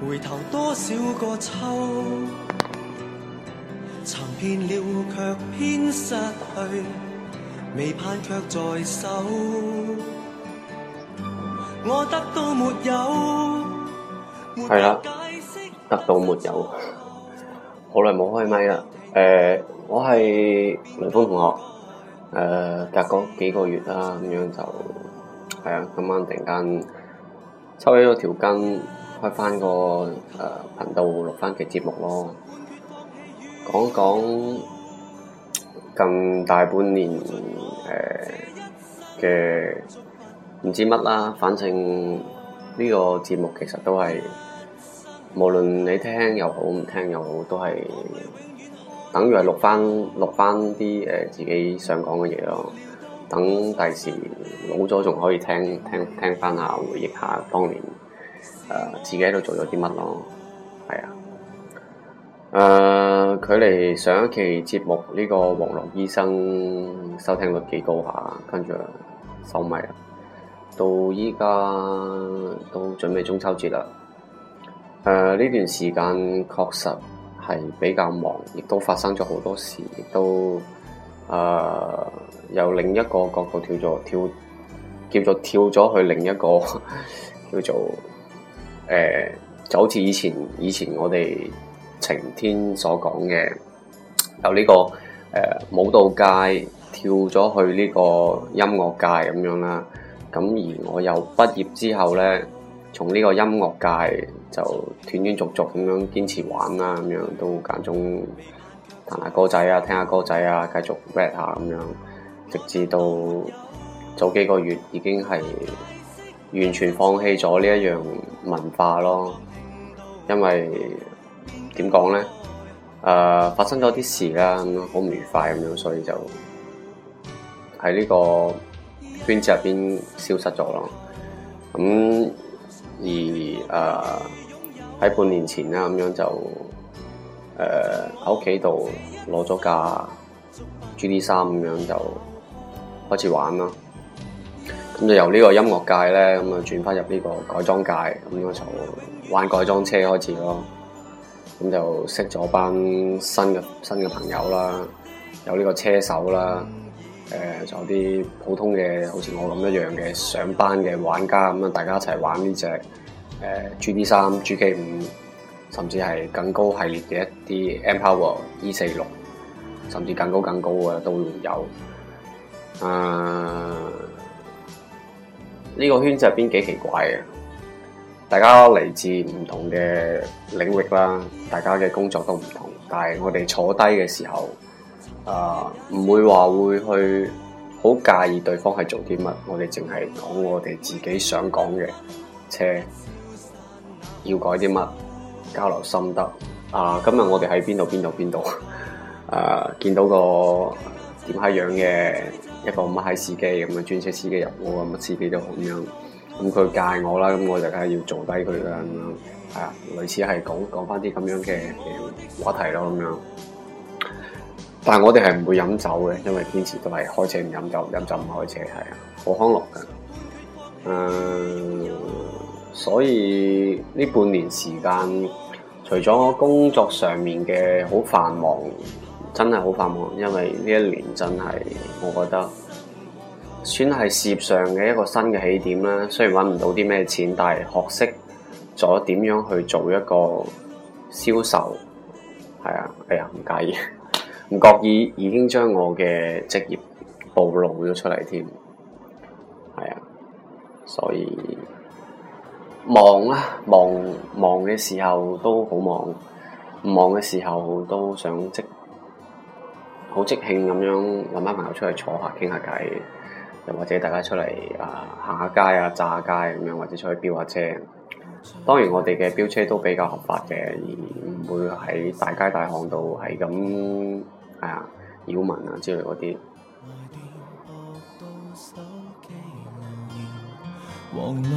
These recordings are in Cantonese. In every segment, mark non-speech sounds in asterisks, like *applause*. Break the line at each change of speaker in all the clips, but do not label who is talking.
回頭多少個秋，尋遍了卻偏失去，未盼卻在手。我得到，沒有。係啦，得到沒有？好耐冇開麥啦。誒、呃，我係雷峰同學，誒、呃，隔嗰幾個月啦，咁樣就係啊，今晚突然間。抽起個條筋，開翻個誒頻道，錄翻期節目咯，講講近大半年誒嘅唔知乜啦，反正呢個節目其實都係，無論你聽又好唔聽又好，都係等於係錄翻錄翻啲誒自己想講嘅嘢咯。等第時老咗仲可以聽聽聽翻下，回憶下當年誒、呃、自己喺度做咗啲乜咯，係啊。誒、呃，距離上一期節目呢、這個黃龍醫生收聽率幾高下，跟住收咪啦，到依家都準備中秋節啦。誒、呃，呢段時間確實係比較忙，亦都發生咗好多事，亦都。啊、呃！由另一個角度跳咗跳，叫做跳咗去另一個叫做誒、呃，就好似以前以前我哋晴天所講嘅，由呢、這個誒、呃、舞蹈界跳咗去呢個音樂界咁樣啦。咁而我又畢業之後呢，從呢個音樂界就斷斷續續咁樣堅持玩啦，咁樣都間中。彈下歌仔啊，聽下歌仔啊，繼續 rap 下咁樣，直至到早幾個月已經係完全放棄咗呢一樣文化咯。因為點講咧？誒、呃、發生咗啲事啦，好唔愉快咁樣，所以就喺呢個圈子入邊消失咗咯。咁、嗯、而誒喺、呃、半年前啦，咁樣就。誒喺屋企度攞咗架 G D 三咁樣就開始玩咯，咁就由呢個音樂界咧咁啊轉翻入呢個改裝界，咁樣就玩改裝車開始咯。咁就識咗班新嘅新嘅朋友啦，有呢個車手啦，誒、呃、仲有啲普通嘅，好似我咁一樣嘅上班嘅玩家咁啊，大家一齊玩呢隻誒 G D 三 G K 五。甚至係更高系列嘅一啲 M Power E46，甚至更高更高嘅都會有。啊，呢個圈子入邊幾奇怪嘅，大家嚟自唔同嘅領域啦，大家嘅工作都唔同，但係我哋坐低嘅時候，啊，唔會話會去好介意對方係做啲乜，我哋淨係講我哋自己想講嘅車要改啲乜。交流心得、uh, 啊！今日我哋喺邊度邊度邊度？誒見到個點閪樣嘅一個乜閪司機咁嘅專車司機入我，咁嘅司機都咁樣，咁佢、嗯、介我啦，咁、嗯、我就梗係要做低佢啦，咁樣係啊，類似係講講返啲咁樣嘅話題咯，咁樣。但係我哋係唔會飲酒嘅，因為堅持都係開車唔飲酒，飲酒唔開車，係啊，好康樂㗎誒。所以呢半年時間。除咗我工作上面嘅好繁忙，真係好繁忙，因為呢一年真係，我覺得算係事業上嘅一個新嘅起點啦。雖然揾唔到啲咩錢，但係學識咗點樣去做一個銷售，係啊，哎呀，唔介意，唔 *laughs* 覺意已經將我嘅職業暴露咗出嚟添，係啊，所以。忙啊，忙忙嘅時候都好忙，唔忙嘅時候都想即好即興咁樣揾班朋友出去坐下傾下偈，又或者大家出嚟啊、呃、行下街啊炸下街咁樣，或者出去飚下車。當然我哋嘅飚車都比較合法嘅，而唔會喺大街大巷度係咁啊擾民啊之類嗰啲。看的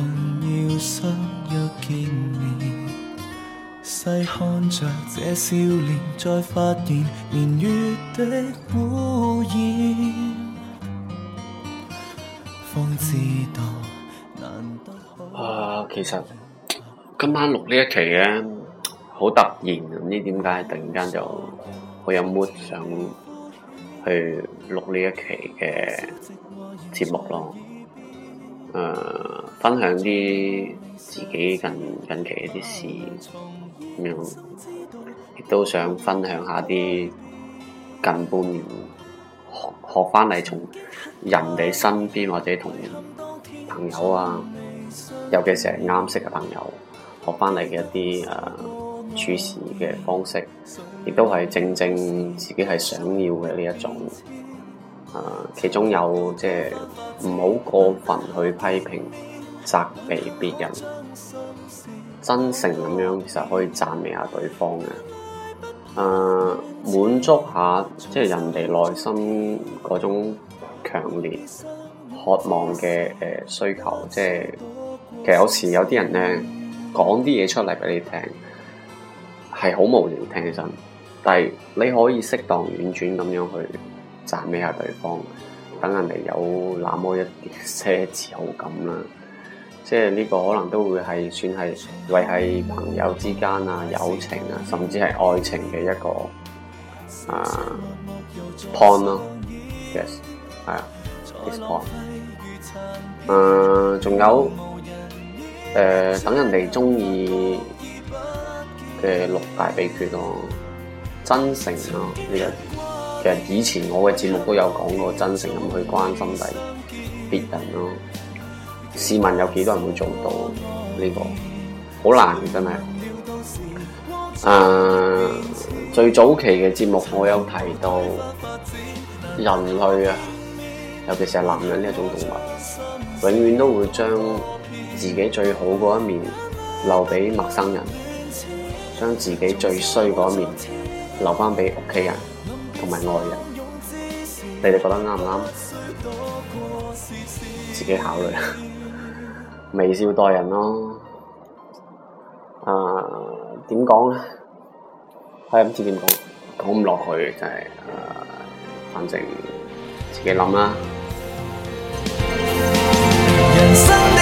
啊，其實今晚錄呢一期咧，好突然，唔知點解突然間就好有 mood 想去錄呢一期嘅節目咯。誒、呃，分享啲自己近近期一啲事咁樣，亦都想分享一下啲近半年學學翻嚟從人哋身邊或者同人朋友啊，尤其是係啱識嘅朋友學翻嚟嘅一啲誒、呃，處事嘅方式，亦都係正正自己係想要嘅呢一種。啊，uh, 其中有即係唔好過分去批評、責備別人，真誠咁樣其實可以讚美下對方嘅，誒、uh，滿足下即係人哋內心嗰種強烈渴望嘅誒、呃、需求，即、就、係、是、其實有時有啲人咧講啲嘢出嚟俾你聽係好無聊，聽起身，但係你可以適當婉轉咁樣去。讚美下對方，等人哋有那麼一啲些自豪感啦。即係呢個可能都會係算係維係朋友之間啊、友情啊，甚至係愛情嘅一個啊 point 咯、啊。Yes，係、yeah, 啊，this point。誒，仲有誒等人哋鍾意嘅六大秘訣咯、啊，真誠咯呢個。其實以前我嘅節目都有講過真的，真誠咁去關心第別人咯。試問有幾多人會做到呢、這個？好難嘅真係。誒、uh，最早期嘅節目我有提到人類啊，尤其是係男人呢一種動物，永遠都會將自己最好嗰一面留俾陌生人，將自己最衰嗰一面留返俾屋企人。同埋愛人，你哋覺得啱唔啱？自己考慮微笑待人咯。啊、呃，點講咧？係、哎、唔知點講，講唔落去就係、是呃。反正自己諗啦。人生的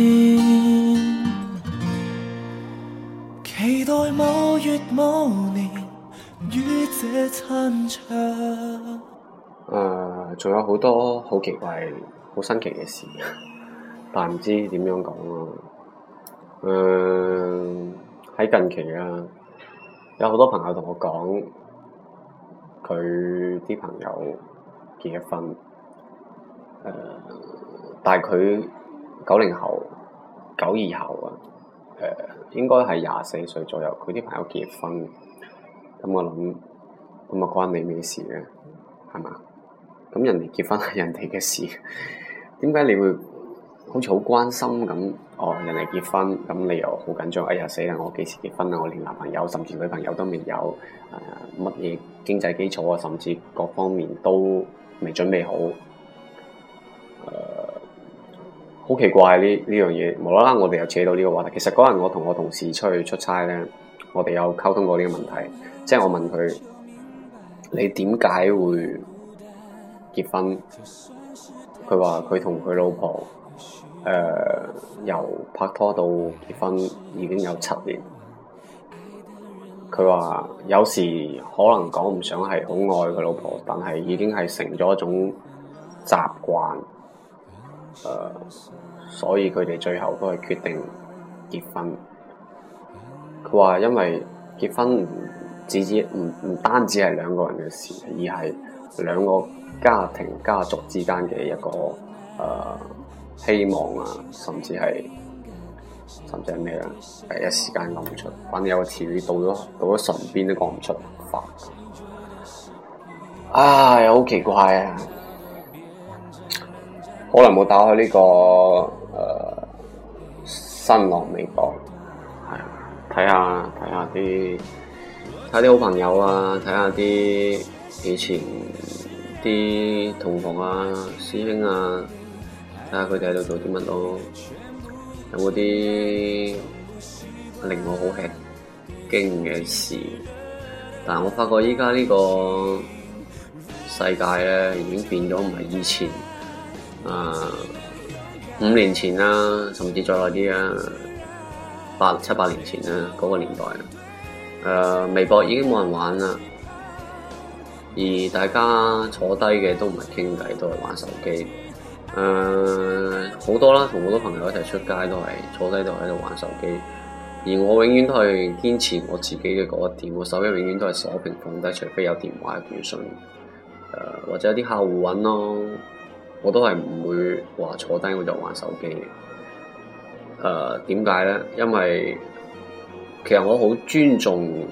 月年，誒、呃，仲有好多好奇怪、好新奇嘅事，但唔知點樣講咯、啊。誒、呃，喺近期啊，有好多朋友同我講，佢啲朋友結咗婚，誒、呃，但係佢九零後、九二後啊。誒應該係廿四歲左右，佢啲朋友結婚，咁我諗咁啊關你咩事咧？係嘛？咁人哋結婚係人哋嘅事，點解你會好似好關心咁？哦，人哋結婚，咁你又好緊張？哎呀死啦！我幾時結婚啊？我連男朋友甚至女朋友都未有，誒乜嘢經濟基礎啊？甚至各方面都未準備好。好奇怪呢呢樣嘢，無啦啦我哋又扯到呢個話題。其實嗰日我同我同事出去出差呢，我哋有溝通過呢個問題。即係我問佢：你點解會結婚？佢話佢同佢老婆誒、呃、由拍拖到結婚已經有七年。佢話有時可能講唔上係好愛佢老婆，但係已經係成咗一種習慣。誒，uh, 所以佢哋最後都係決定結婚。佢話因為結婚唔只只，唔唔單止係兩個人嘅事，而係兩個家庭家族之間嘅一個誒、uh, 希望啊，甚至係甚至係咩啊？第一時間諗唔出，反正有個詞語到咗到咗唇邊都講唔出，煩啊！好奇怪啊！可能冇打開呢個誒、呃、新浪微博，係啊，睇下睇下啲好朋友啊，睇下啲以前啲同學啊、師兄啊，睇下佢哋喺度做啲乜咯，有冇啲令我好吃驚嘅事？但我發覺依家呢個世界咧，已經變咗唔係以前。誒，五、uh, 年前啦，甚至再耐啲啦，八七八年前啦，嗰個年代，誒，微博已經冇人玩啦，而大家坐低嘅都唔係傾偈，都係玩手機。誒，好多啦，同好多朋友一齊出街都係坐低，都喺度玩手機。而我永遠都係堅持我自己嘅嗰一點，我手機永遠都係鎖屏放低，除非有電話有短信，誒，或者有啲客戶搵咯。我都係唔會話坐低我就玩手機。誒，點解呢？因為其實我好尊重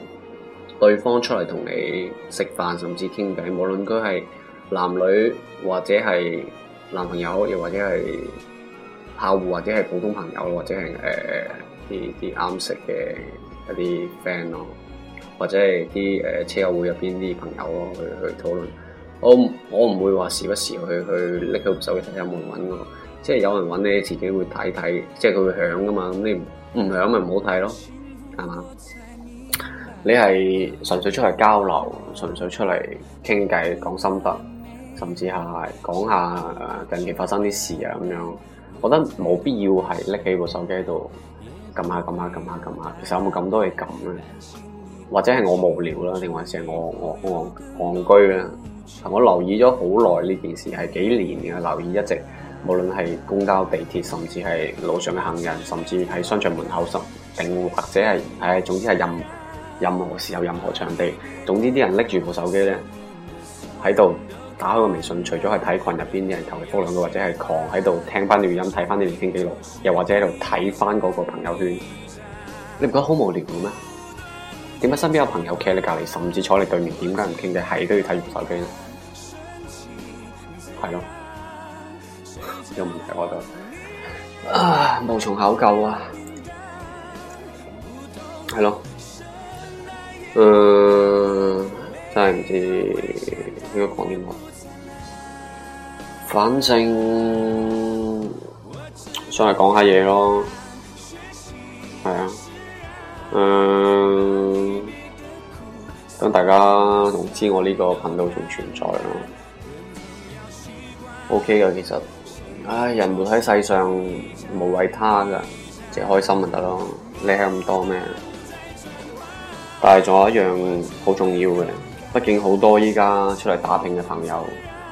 對方出嚟同你食飯，甚至傾偈。無論佢係男女，或者係男朋友，又或者係客戶，或者係普通朋友，或者係誒啲啲啱識嘅一啲 friend 咯，或者係啲誒車友會入邊啲朋友咯，去去討論。我我唔會話時不時去去拎佢部手機睇下有冇人揾我，即係有人揾你自己會睇睇，即係佢會響噶嘛。咁你唔唔響咪唔好睇咯，係嘛？ *noise* 你係純粹出嚟交流，純粹出嚟傾偈講心得，甚至係講下近期、啊、發生啲事啊咁樣，我覺得冇必要係拎起部手機喺度撳下撳下撳下撳下，其實有冇咁多嘢撳啊。或者係我無聊啦，定還是我我我戇居啦？我留意咗好耐呢件事，係幾年嘅留意，一直無論係公交、地鐵，甚至係路上嘅行人，甚至喺商場門口、甚定或者係，唉、哎，總之係任任何時候、任何場地，總之啲人拎住部手機咧喺度打開個微信，除咗係睇群入邊啲人頭嘅覆兩句，或者係狂喺度聽翻啲語音、睇翻啲聊天記錄，又或者喺度睇翻嗰個朋友圈，你唔覺得好無聊嘅咩？點解身邊有朋友企喺你隔籬，甚至坐你對面，點解唔傾偈？係都要睇住手機呢？係咯，又唔得，我覺得啊，無從考究啊，係咯，嗯、呃，真係唔知應該講啲乜，反正上嚟講下嘢咯，係啊，嗯、呃。等大家仲知我呢個頻道仲存在咯，OK 噶，其實，唉，人活喺世上無謂他噶，淨係開心咪得咯，理係咁多咩？但係仲有一樣好重要嘅，畢竟好多依家出嚟打拼嘅朋友，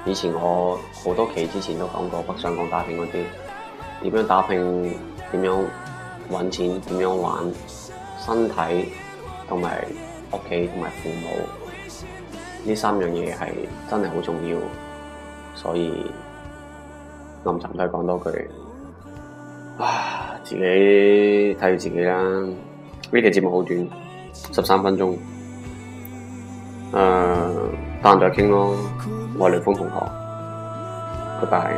以前我好多期之前都講過北上港打拼嗰啲，點樣打拼，點樣搵錢，點樣玩，身體同埋。屋企同埋父母呢三樣嘢，係真係好重要，所以林尋都係講多句。哇、啊、自己睇住自己啦。呢期節目好短，十三分鐘，誒得閒再傾咯。我係雷峰同學，拜拜。